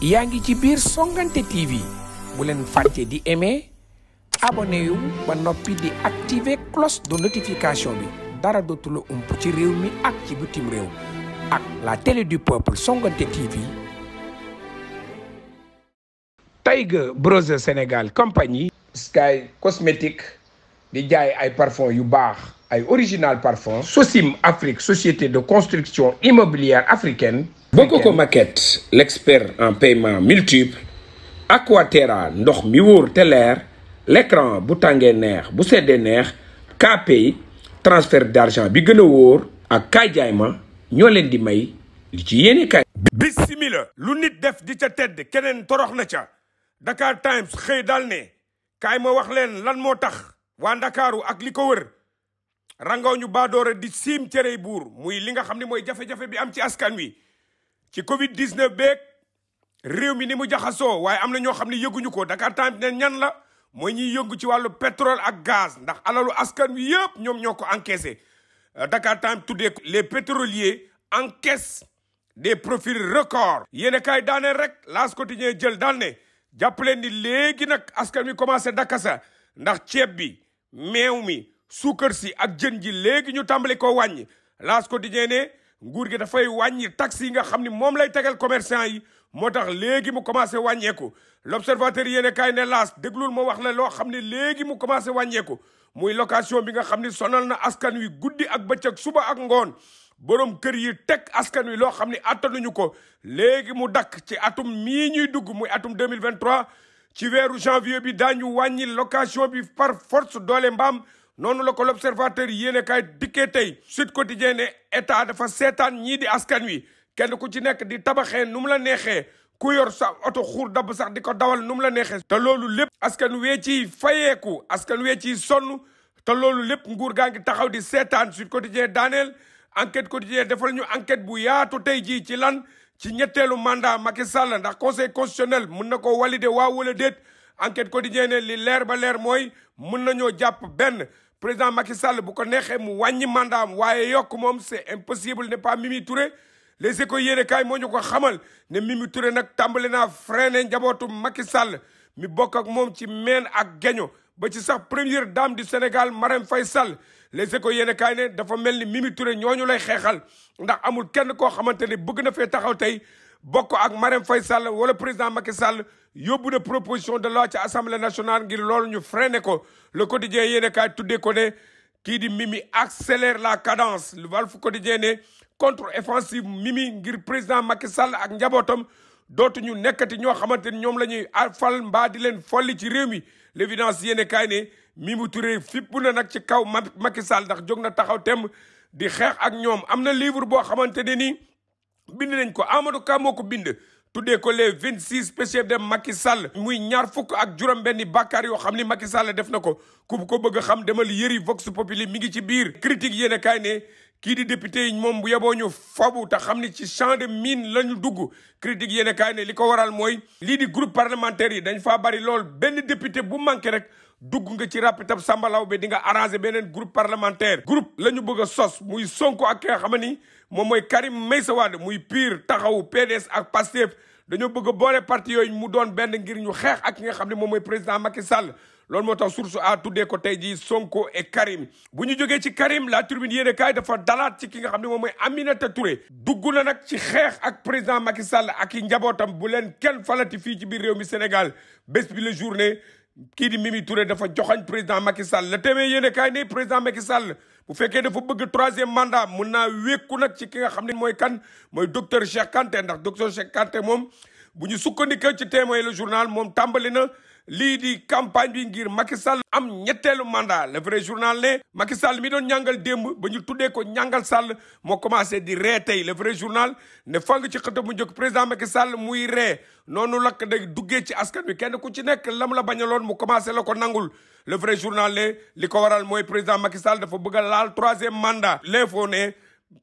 yaa ngi ci biir Songuanté TV bu leen fàtte di aimer abonné ba noppi di activer cloche de notification bi dara dootu la ump ci réew mi ak ci butim réew ak la télé du peuple Songuanté TV. Tiger Brother Sénégal compagnie. Sky cosmétique di jaay ay parfum yu baax ay original parfum. Sosim Afrique société de construction immobilière africaine. Bococo Market l'expert en paiement multiple Aquaterra ndox mi wóor te leer l'écran bu tàngee neex bu seddee neex KPay transfert d'argent bi gën a wóor ak kaay ma ñoo leen di may li ci yéene kaay bisimila lu nit def di ca tedd keneen torox na ca Dakar Times xëy daal ne kaay ma wax leen lan moo tax waa ndakaaru ak li ko wër rangaw ñu baadoore di siim cërey buur muy li nga xam ne mooy jafe-jafe bi am ci askan wi ci Covid 19 beeg réew mi ni mu jaxasoo waaye am na ñoo xam ne yëguñu ko Dakar Times ne ñan la mooy ñuy yëngu ci wàllu pétrole ak gaz ndax alalu askan wi yëpp ñoom ñoo ko encaissé Dakar Times tuddee les pétroliers encaissent des profits records. yéen a kaay daaneel rek L'As Quotidien jël daal ne jàppaleen ni léegi nag askan wi commencé dakasa ndax ceeb bi meew mi suukar si ak jën ji léegi ñu tàmbali ko wàññi L'As Quotidien ne. nguur gi dafay wàññi taxes yi nga xam ni moom lay tegal commerçant yi moo tax léegi mu commencé wàññeeku l'observateur yéene kaay ne laas déglul ma wax la loo xam ne léegi mu commencé wàññeeku muy location bi nga xam ni sonal na askan wi guddi ak bëccëg suba ak ngoon borom kër yi teg askan wi loo xam ni attanuñu ko léegi mu dakk ci atum mii ñuy dugg muy atum deux 2023 ci weeru janvier bi daañu wàññi location bi par force doole mbaam noonu la ko l'observateur yéene kaay dikkee tey Sud Quotidien ne état dafa seetaan ñii di askan wi kenn ku ci nekk di tabaxee nu mu la neexee ku yor sa oto xuur dabb sax di ko dawal nu la neexee te loolu lépp askan wee ci fayeeku askan wee ci sonn te loolu lépp nguur gaa ngi taxaw di seetaan Sud Quotidien daaneel enquête quotidien defal ñu enquête bu yaatu tey jii ci lan ci ñetteelu mandat Macky ndax conseil constitutionnel mun na ko valider waaw wala déet enquête quotidien ne li leer ba leer mooy mën nañoo jàpp benn président Macky Sall bu ko neexee mu wàññi mandaam waaye yokk moom c'est impossible ne pas Mimi Touré les échos yéene kaay moo ñu ko xamal ne Mimi Touré nag tàmbali naa freiné njabootu Macky Sall mi bokk ak moom ci meen ak geño ba ci sax première dame du Sénégal Marème Faye Sall les échos yéene kaay ne dafa mel ni Mimi Touré ñooñu lay xeexal ndax amul kenn koo xamante ne bëgg na fee taxaw tey bokk ak Marème Faye Sall wala président Macky Sall yóbbu na proposition de loi ci assemblée nationale ngir loolu ñu freiné ko le quotidien yéene kaay tuddee ko ne kii di Mimi accélère la cadence le Walf Quotidien ne contre-offensive Mimi ngir président Macky Sall ak njabootam dootuñu nekkati ñoo xamante ni ñoom la ñuy fal mbaa di leen folli ci réew mi l'évidence yéene kaay ne Mimi Touré fippu na nag ci kaw Macky Sall ndax jog na taxaw temm di xeex ak ñoom am na livre boo xamante ne ni bind nañ ko Amadou Ka moo ko bind tuddee ko les vingt six péchés de Macky Sall muy ñaar fukk ak juróom-benni bàkkaar yoo xam ni Macky Sall def na ko ku ko bëgg a xam demal yëri Vox Populi mi ngi ci biir critique yéen kaay ne kii di député yi moom bu yeboo ñu fabu te xam ni ci champ de mine la ñu dugg critique yéen kaay li ko waral mooy lii di groupe parlementaire yi dañ faa bari lool benn député bu manqué rek dugg nga ci rapitab sambalaw bi di nga arrangé beneen groupe parlementaire groupe la ñu bëgg sos muy Sonko ak ki nga xam ni moom mooy Karim Meïssa Wade muy PUR taxawu PDS ak PASTEF dañoo bëgg a boole parti yooyu mu doon benn ngir ñu xeex ak ki nga xam ne moom mooy président Macky Sall loolu moo tax source a tuddee ko tey jii Sonko et Karim bu ñu jógee ci Karim la tribune yéene kaay dafa dalaat ci ki nga xam ne moom mooy Aminata Touré dugg la nag ci xeex ak président Macky Sall ak i njabootam bu leen kenn falati fii ci biir réew mi Sénégal bés bi la journée kii di Mimi Touré dafa joxañ président Macky Sall la téeméer yéen a kaay président Macky Sall bu fekkee dafa bëgg troisième mandat mun naa wékku nag ci ki nga xam ne mooy kan mooy docteur Cheikh Kanté ndax docteur Cheikh Kanté moom. bu ñu sukkandikoo ci témoin le journal moom tàmbali na lii di campagne bi ngiir Macky Sall am ñetteelu mandat le vrai journal ne Macky Sall mi doon ñàngal démb ba ñu tuddee ko ñàngal Sall moo commencé di ree tey le vrai journal ne fang ci xëta mu njëkk président Macky Sall muy ree noonu lakk day duggee ci askan wi kenn ku ci nekk lam la loon mu commencé la ko nangul le vrai journal ne li ko waral mooy président Macky Sall fo bëgg laal troisième manda l'info ne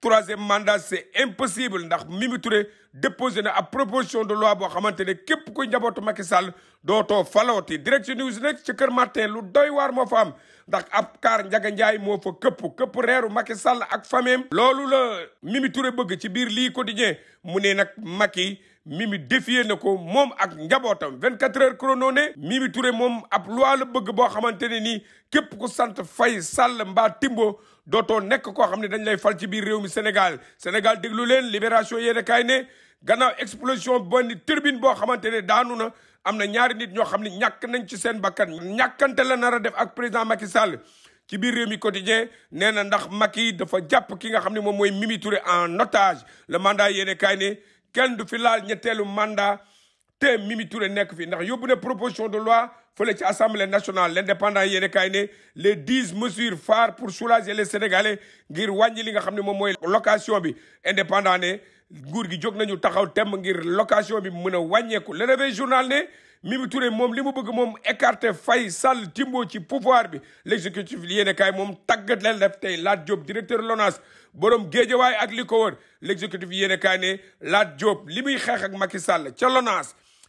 troisième mandat c'est impossible ndax Mimi Touré déposé na ab proposition de loi boo xamante ne képp kuy njabootu Macky Sall dootoo falooti direct news nag ci Kër Martin lu doy waar moo fa am ndax ab kaar Njaga Njaay moo fa këpp këpp reeru Macky Sall ak fameem loolu la Mimi Touré bëgg ci biir lii ko di quotidien mu ne nag Macky Mimi défier na ko moom ak njabootam 24 heures chrono ne Mimi Touré moom ab loi la bëgg boo xamante ne nii képp ku sant fay Sall mbaa Timbo dootoo nekk koo xam ne dañ lay fal ci biir réew mi Sénégal Sénégal déglu leen libération yéen a kaay ne gannaaw explosion benn turbine boo xamante ne daanu na am na ñaari nit ñoo xam ne ñàkk nañ ci seen bakkan ñàkkante la nar a def ak président Macky Sall ci biir réew mi quotidien nee na ndax Macky dafa jàpp ki nga xam ne moom mooy Mimi Touré en otage le mandat yéene kaay ne kenn du fi laal ñetteelu mandat te Mimi Touré nekk fi ndax yóbbu ne proposition de loi fële ci assemblée nationale l'indépendant yéene kaay ne les dix mesures phares pour soulage les sénégalais ngir wàññi li nga xam ne moom mooy location bi indépendant ne nguur gi jóg nañu taxaw temm ngir location bi mën a wàññeeku le réveil journal ne Mimi Touré moom li mu bëgg moom écarté fay Sall Timbo ci pouvoir bi l'exécutif yéene kaay moom tàggat leen def tey Lat Diop directeur LONASE borom géejawaay ak li ko wër l'exécutif yéene kaay ne Lat li muy xeex ak Macky Sall ca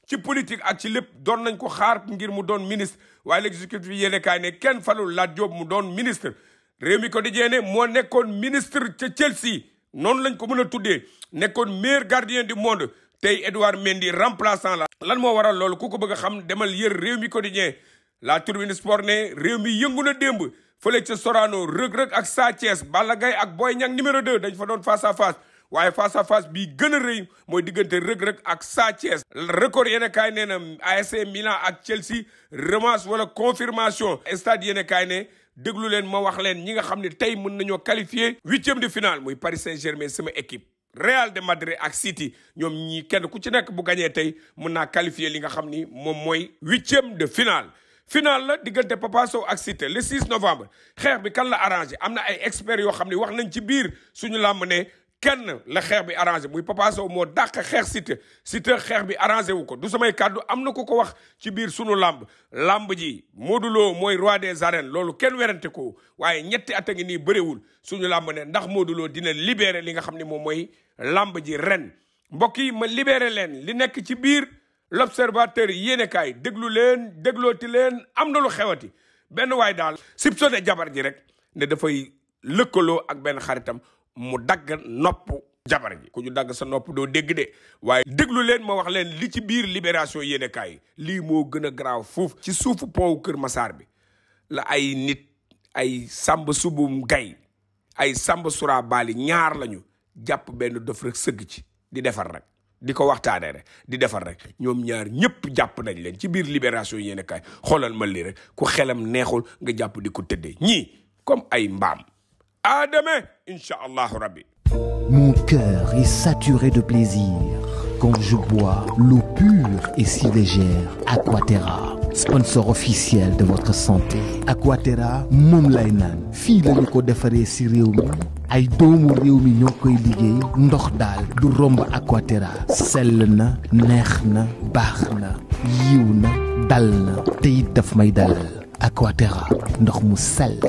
ci politique ak ci lépp doon nañ ko xaar ngir mu doon ministre waaye l'exécutif yéene kaay ne kenn falul Lat Diop mu doon ministre réew mi ko di jeene moo nekkoon ministre ca Chelsea noonu lañ ko mën a tuddee nekkoon meilleur gardien du monde tey Edouard Mendy remplaçant la lan moo waral loolu ku ko bëgg a xam demal yër réew mi quotidien la tribune sport ne réew mi yëngu na démb fële ca Sorano rëg-rëg ak Sa Thiès Balla Gaye ak Boy Niang numéro 2 dañ fa doon face à face waaye face à face bii gën a rëy mooy diggante rëg-rëg ak Sa Thiès record yéen kaay na ASC Milan ak Chelsea revanche wala confirmation stade yéen kaay ne déglu leen ma wax leen ñi nga xam ne tey mën nañoo qualifier huitième de finale mooy Paris Saint-Germain sama équipe Real de Madrid ak City ñoom ñi kenn ku ci nekk bu gañee tey mën naa qualifier li nga xam ni moom mooy huitième de finale final la diggante Papa ak Cité le 6 novembre xeex bi kan la arrangé am na ay experts yoo xam ne wax nañ ci biir suñu làmb ne kenn la xeex bi arrangé muy Papa Sow moo dàq xeex Siteu Siteu xeex bi arrangé wu ko du samay kàddu am na ko ko wax ci biir sunu làmb làmb ji Modou mooy roi des arènes loolu kenn werante ko waaye ñetti at a ngi nii bëriwul suñu làmb ne ndax Modou dina libéré li nga xam ne moom mooy làmb ji ren mbokk yi ma libéré leen li nekk ci biir l'observateur yéenekaay déglu leen déglooti leen am na lu xewati benn waay daal sib sone jabar ji rek ne dafay lëkkaloo ak benn xaritam mu dagg nopp jabar ji ku ñu dagg sa nopp doo dégg de waaye déglu leen ma wax leen li ci biir libération yéene lii moo gën a garaaw foofu ci suufu pont Kër Masaar bi la ay nit ay sàmb subum gay ay sàmb sura ñaar lañu jàpp benn dof rek sëgg ci di defar rek di ko waxtaanee rek di defar rek ñoom ñaar ñëpp jàpp nañ leen ci biir libération yéene kaay xoolal ma lii rek ku xelam neexul nga jàpp di ko tëddee ñii comme ay mbaam À demain, Inch'Allah saturé de plaisir quand je bois l'eau pure et si légère Aquaterra. sponsor officiel de votre santé Aquaterra moom lay naan fii lañu ko defaree si réew mi ay doomu réew mi ñoo koy liggéey ndox daal du romb Aquaterra sell na neex na baax na yiw na dal na te daf may dalal Aquaterra ndox mu sell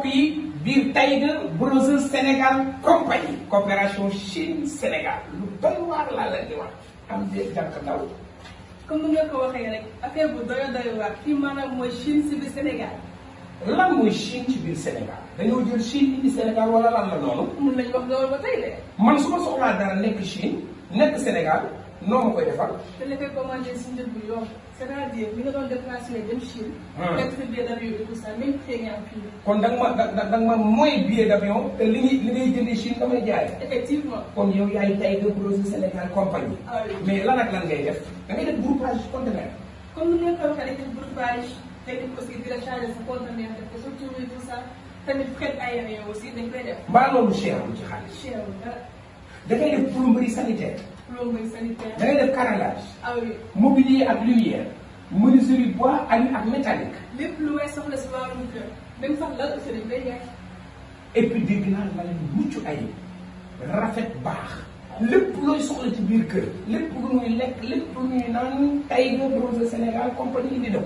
mbokk yi biir Tiger Browser Sénégal compagnie coopération Chine Sénégal lu doy waar laa la di wax am dee jànk ndaw comme nga ko waxee rek affaire bu doy doy waar fii mooy Chine si biir Sénégal lan mooy Chine ci biir Sénégal dañoo jël Chine indi Sénégal wala lan la noonu mun nañ wax loolu ba tey de man su ma soxlaa dara nekk Chine nekk Sénégal non ma koy defal. te li koy commandé si njëg bu yomb c'est-à-dire bi nga doon dem Chine. fekk ah. sa billet d'avion bi kon da nga ma da da nga ma mooy billet d'avion li li ngay jëndee Chine da may jaay. effectivement kon yow yaay tay de projet Sénégal compagnie. Ah mais lan ak lan ngay def da ngay def groupage conteneur. comme ni nga ko waxee def groupage day def aussi di la chargé sa conteneur def ko surtout tout ça tamit fret aérien aussi dañ koy def. mbaa loolu cher ci xaalis. cher da ngay def plomberie plomberie sanitaire. da ngay def carrelage. ah oui mobilier ak lumière. menuiserie bois alu ak métallique. lépp lu may soxla si wàllum kër. même sax lal aussi dañ koy jaay. et puis dégg naa la leen mucc ayib rafet baax. lépp looy soxla ci biir kër. lépp lu muy lekk lépp lu muy naan tay nga Rose Sénégal compagnie di daw.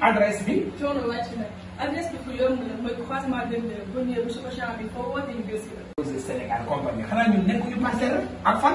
adresse bi. coono wàcc na adresse bi fu yomb la mooy croisement dem ba néew suba champ bi foo wootee ñu gëstu la. Rose Sénégal compagnie xanaa ñun nekk ñu parcelle ak fan.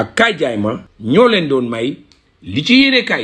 ak kaay ma ñoo leen doon may li ci yéene